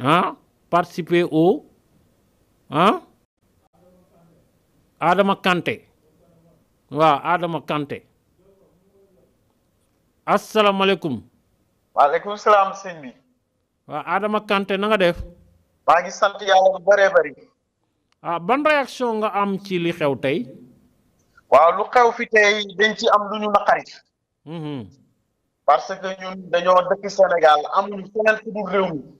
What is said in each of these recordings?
ah participer o ah Adama Kanté waaw Adama Kanté asalaamaaleykum. waaleykum salaam sëñ bi. waaw Adama Kanté na nga def. maa ngi sant yàlla bu bëree ah, ban réaction nga am ci li xew tey. waaw lu xew fi tey dañ ci am lu ñu naqari. Mm-hmm. parce que ñun dañoo dëkk Sénégal amuñu feneen fu dul réew mi.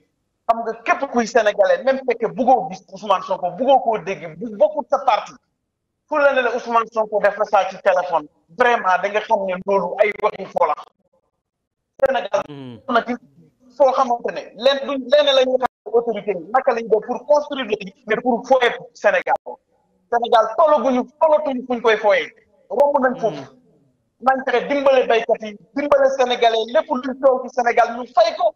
xam nga képp kuy sénégalais même fekke buggoo gis Ousmane Sonko buggoo koo dégg bu bokkut sa parti fu la ne la ko Sonko def saa ci téléphone vraiment da nga xam ne loolu ay waxi foola Sénégal mm-hmm. na ci foo xamante ne len duñ leen la ñuy xam autorité yi naka lañu def pour construire le mais pour foyee Sénégal Sénégal tolaguñu tolatuñu fuñ koy foyee romb nañ mm-hmm. foofu nañ fexe dimbale béykat yi dimbale sénégalais lépp luñ coow ci Sénégal ñu fay ko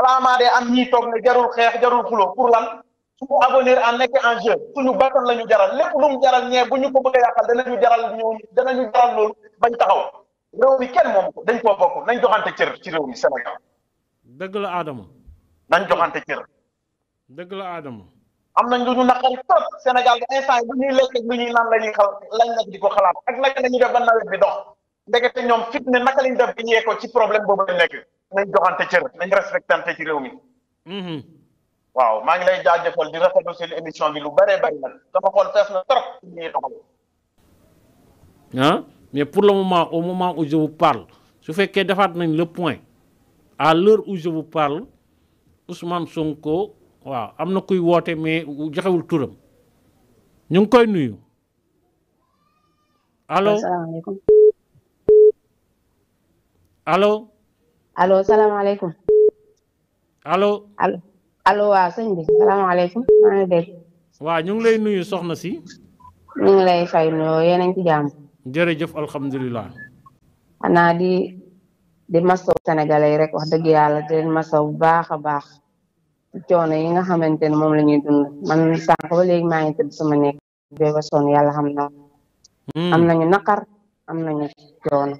balaa maa de am ñii toog ne jarul xeex jarul xulo pour lan suñu avenir en nekk en jeu suñu bakkan la jaral lépp lu mu jaral ñee ñu ko bëgg a yàqal danañu jaral ñëw danañu jaral loolu bañ taxaw réew mi kenn moom dañ koo bokk nañ joxante cër ci réew mi Sénégal. dëgg la Adama. nañ joxante cër. dëgg la Adama. am na lu ñu naqar trop Sénégal ba instant yi bu ñuy lekk ak lu ñuy naan la ñuy xal lañ nag di ko xalaat ak naka la ñuy def ba nawet bi dox ndekete ñoom fit ne naka lañ def bi ñee ko ci problème boobu lañ nekk. nañ joxante cër nañ ci réew mi. Mm-hmm. waaw maa ngi lay jaajëfal di rafetlu seen émission bi lu bëree bëri nag sama xol fees na trop ah, mais pour le moment au moment où je vous parle su fekkee defaat nañ le point à l'heure où je vous parle Ousmane Sonko waaw am na kuy woote mais joxewul turam ñu ngi koy nuyu. allo allo. allo salaamaaleykum. allo. allo waaw ah, sëñ bi salaamaaleykum maa ah, ngi dégg. waaw ñu ngi lay nuyu soxna si. ñu ngi lay fay nuyoo yéen a ngi ci jàmm. jërëjëf alhamdulilah. xanaa di di masso sénégalais rek wax dëgg yalla di leen masso bu baax baax yi nga xamantene mom lañuy dund man sànq ba légui ma ngi tëdd sama nekk ba sonn yàlla xam na. Hmm. am nakar, naqar am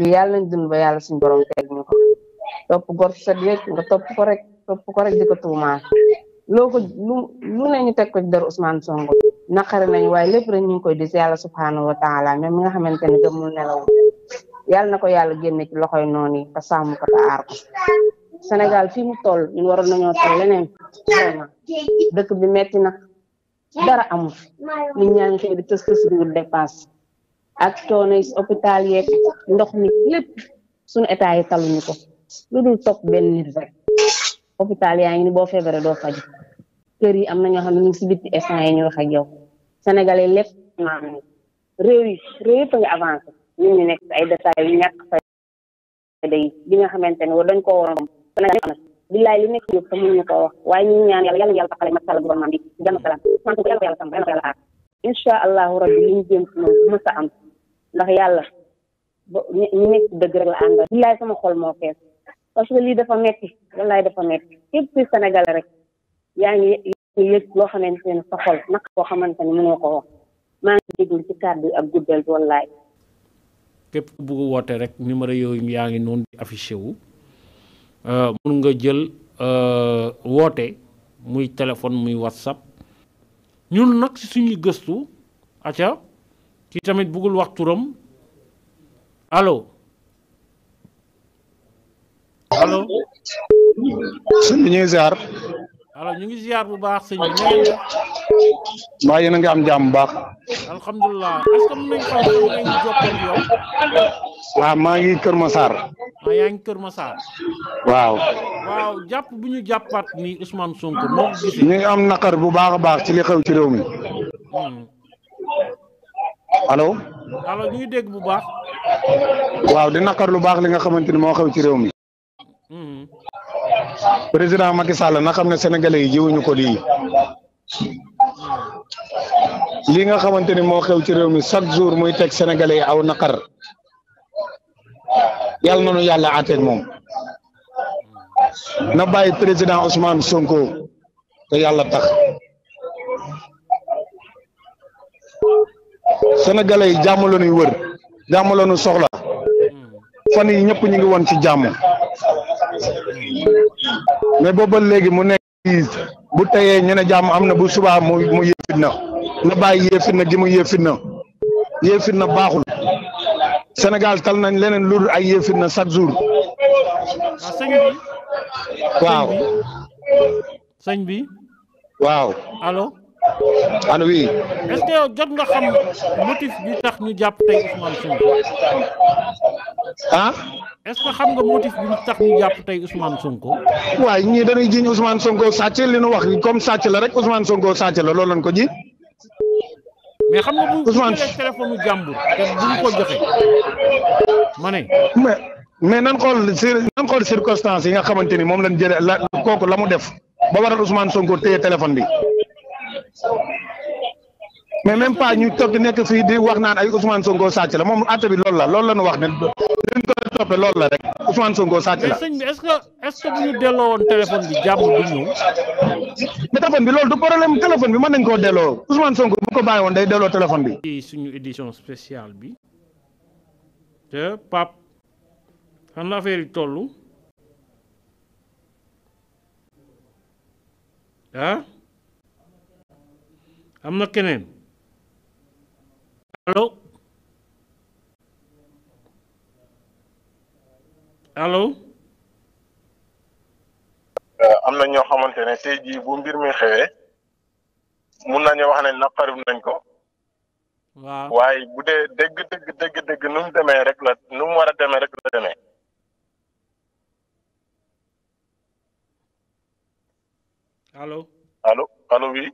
li yàlla lañ dund ba yàlla suñ borom teg ñu ko topp gor sa déet nga topp ko rek topp ko rek di ko tuumaal loo ko lu lu ne ñu teg ko ci dara Ousmane Sonko naqari nañ waaye lépp rek ñu ngi koy dis yàlla subhanahu wa taala même mi nga xamante ne lu nelaw yàlla na ko yàlla génne ci loxoy noonu yi te sàmm ko te aar ko Sénégal fii mu toll ñun waroon nañoo toll leneen vraiment dëkk bi metti na dara amul nit ñaa ngi xëy di tës tës di wut dépasse ak coono yi hôpital yeeg ndox mi lépp suñu état yi taluñu ko lu dul topp benn nit rek hôpital yaa ngi ni boo feebaree doo faju kër yi am na ñoo xam ne ñu ngi si bitti instant yi ñu wax ak yow sénégalais lépp maam ni réew yi réew yëpp a ngi avancé ñu ngi nekk ay détails yu ñàkk fay day nga xamante ne war dañ koo waroon billaay li nekk yëpp te mënuñu koo wax waaye ñu ñaan yàlla yàlla yàlla taxale masala gouvernement bi allahu rabbi li ñu jéem si moom am ndax yàlla ñu nekk dëgg rek la àndal billaay sama xol moo fees parce que lii dafa metti wallaay dafa metti képp kuy sénégal rek yaa ngi yëg loo xamante ne sa xol naq koo xamante ne mënoo ko wax maa ngi déglu ci kàddu ak guddal wallaay képp bu woote rek numéro yooyu yaa ngi noonu di affiché wu euh, mun nga jël euh, woote muy téléphone muy whatsapp ñun nag si suñu gëstu aca ki tamit bugul wax turam allo allo sëñ bi ñu ngi ziar allo ñu ngi ziar bu baax señu bi mbaa nga am jam baax alhamdullah est-ce que mën nañ xam yow nga ngi jokkal yow wa ma ngi keur ma sar waaw ah, yaa ngi keur ma sar waaw waaw japp bu ñu jàppaat ni Ousmane Sonko mo ko gisee ñu ngi am nakar bu baax baax ci li xew ci rew mi hmm. allo. allo ñu ngi dégg bu baax. waaw di naqar lu baax li nga xamante ni moo xew ci réew mi. Hmm. président Macky Sall na xam ne sénégalais yi jiwuñu ko lii. lii nga xamante ni moo xew ci réew mi chaque jour muy teg sénégalais yi aw naqar yàlla na nu yàlla àtteeg moom. na bàyyi président Ousmane Sonko te yàlla tax. sénégalais yi jàmm la ñuy wër jàmm la ñu soxla fan yi ñëpp ñu ngi woon ci jàmm mais booba léegi mu nekk bu teyee ñu ne jàmm am na bu subaa mu mu yéefit na na bàyyi yéefit na gi mu yéefit na baaxul senegal tal nañ leneen lu ay yéefit na chaque jour ah, waaw sëñ bi waaw Ano wi est-ce yow jot nga xam motif bi tax ñu japp tay Ousmane Sonko ah est-ce xam nga motif bi tax ñu japp tay Ousmane Sonko way ñi da dañuy jiñ Ousmane Sonko sàcc li ñu wax comme sàcc la rek Ousmane Sonko sàcc la lool lañ ko ji mais xam nga bu Ousmane téléphone jàmbur te buñ ko joxé mané mais mais nan xool nan xol circonstance yi nga xamanteni mom lañ jële koku lamu def ba waral Ousmane Sonko téye téléphone bi mais même pas ñu toog nekk fii di wax naan ay Ousmane Sonko sàcc la moom a bi loolu la loolu la ñu wax ne liñ ko toppee loolu la rek Ousmane Sonko sàcc la. mais est que est-ce que bu ñu delloo woon téléphone bi jàmm du ñëw. mais bi loolu du problème nañ koo delloo Ousmane Sonko bu ko bàyyi woon day delloo téléphone bi. suñu édition spéciale bi te Pape fan la affaire yi am na keneen allo allo. Euh, am na ñoo xamante ne tey jii bu mbir mi xewee mun nañu wax ne naqaru nañ ko. waaw waaye bu dee dëgg dëgg dëgg dëgg nu mu demee rek la nu mu war a demee rek la demee. allo. allo allo oui.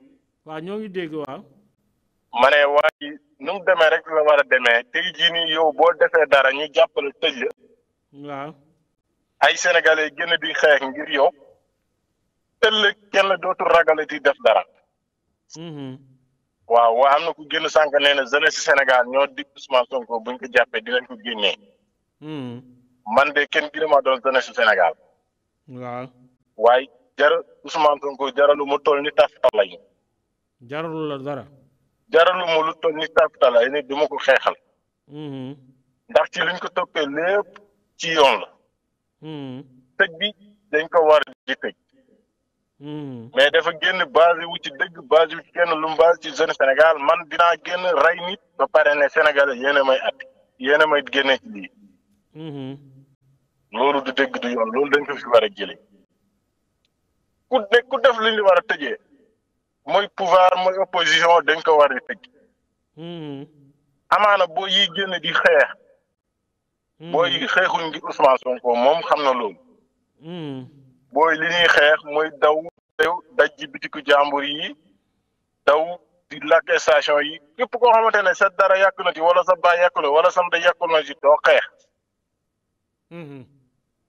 waaw ñoo ngi dégg waaw. ma ne waaye nu demee rek la war a demee te jii nii yow boo defee dara ñu jàppale tëj la. waaw. ay sénégalais gën di xeex ngir yow. ëllëg kenn dootul di def dara. Mm-hmm. waaw waa am na ku génn sànq nee na jeunesse Sénégal ñoo di Ousmane bu buñ ko jàppee dinañ ko génnee. Mm-hmm. man de kenn gi ma doon jeunesse Sénégal. waaw waaye jara Ousmane Sonko jaralu mu toll ni taf talay. jaralu la dara. jaralu ma lu toll ni tàptalaay ni du ma ko xeexal. Mm-hmm. ndax ci liñ ko toppee lépp ci yoon la. Mm-hmm. tëj bi dañ ko war di tëj. Mm-hmm. mais dafa génn base ci dëgg base ci kenn lu mu ci zone Sénégal man dinaa génn rey nit ba pare ne Sénégalais yéen a may at yéen a may génne ci lii. loolu du dëgg du yoon loolu dañ ko fi war a jëlee. ku ne ku def liñ li war a tëjee. mooy pouvoir mooy opposition dañ ko war a tëj. Hmm. amaana boo yiy génn di xeex. Hmm. booy yi xeexuñ ngir Ousmane Sonko moom xam na loolu. Hmm. booy li ñuy xeex mooy daw daw dajji bitiku jàmbur yi daw di lakk station yi képp koo xamante ne sa dara yàq na ci wala sa baay yàq na wala sam da yàq na ci doo xeex.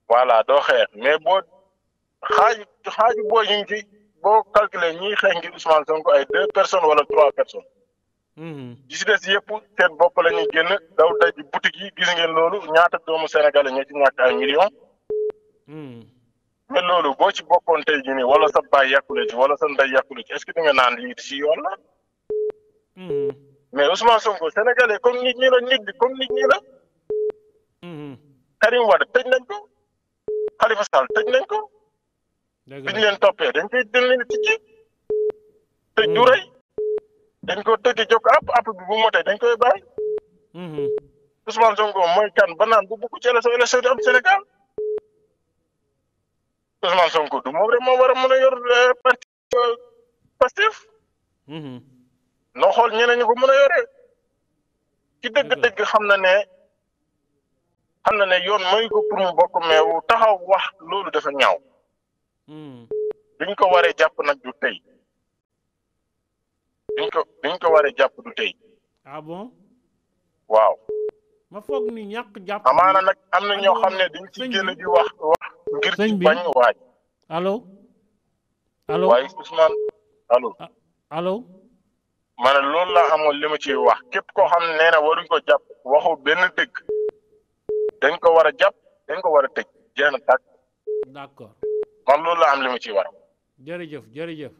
voilà doo xeex mais boo xaaju xaaju booy ñu ngi ci. boo calculer ñi xeex ngir Ousmane Sonko ay deux personnes wala trois personnes. di mhm. si des yëpp seen bopp la ñuy génn daw daj boutique yi gis ngeen loolu ñaata doomu Sénégal ñoo ci ñàkk ay millions. Mhm. mais loolu boo ci bokkoon tey jii nii wala sa baay yàqule ci wala sa ndey yàqule ci est ce naan lii si yoon la. Mhm. mais Ousmane Sonko sénégalais comme nit ñi la nit bi comme nit ñi la. Karim Wade nañ ko Khalifa Sall tëj nañ ko. bi ñu leen toppee dañ koy dañ leen tijji tëj du mm. rëy dañ ko tëj jokk àpp àpp bi bu motee dañ koy bàyyi. Mm-hmm. Ousmane Sonko mooy kan ba naan bu bugg ci élection élection di am Sénégal Ousmane Sonko du moom moo war a mën a yor euh, parti euh, Pastef. Mm-hmm. noo xool ñeneen ñu ko mën a yoree. ci dëgg-dëgg xam na ne xam na ne yoon mooy ko pour mu bokk mais taxaw wax loolu dafa ñaaw. biñ hmm. ko waree jàpp nag du tey biñ ko biñ ko waree jàpp du tey. ah waaw. ma foog ni ñàkk jàpp. amaana nag am na ñoo xam ne dañ ci génn di wax wax. ngir ci bi waaj. allo. allo waaye Ousmane allo. Ah, loolu laa amoon li ma ciy wax képp koo xam ne nee na waruñ ko jàpp waxu benn dëgg dañ ko war a jàpp dañ ko war a tëj jeex na tàkk. man loolu laa am li ma ciy war. jërëjëf jërëjëf.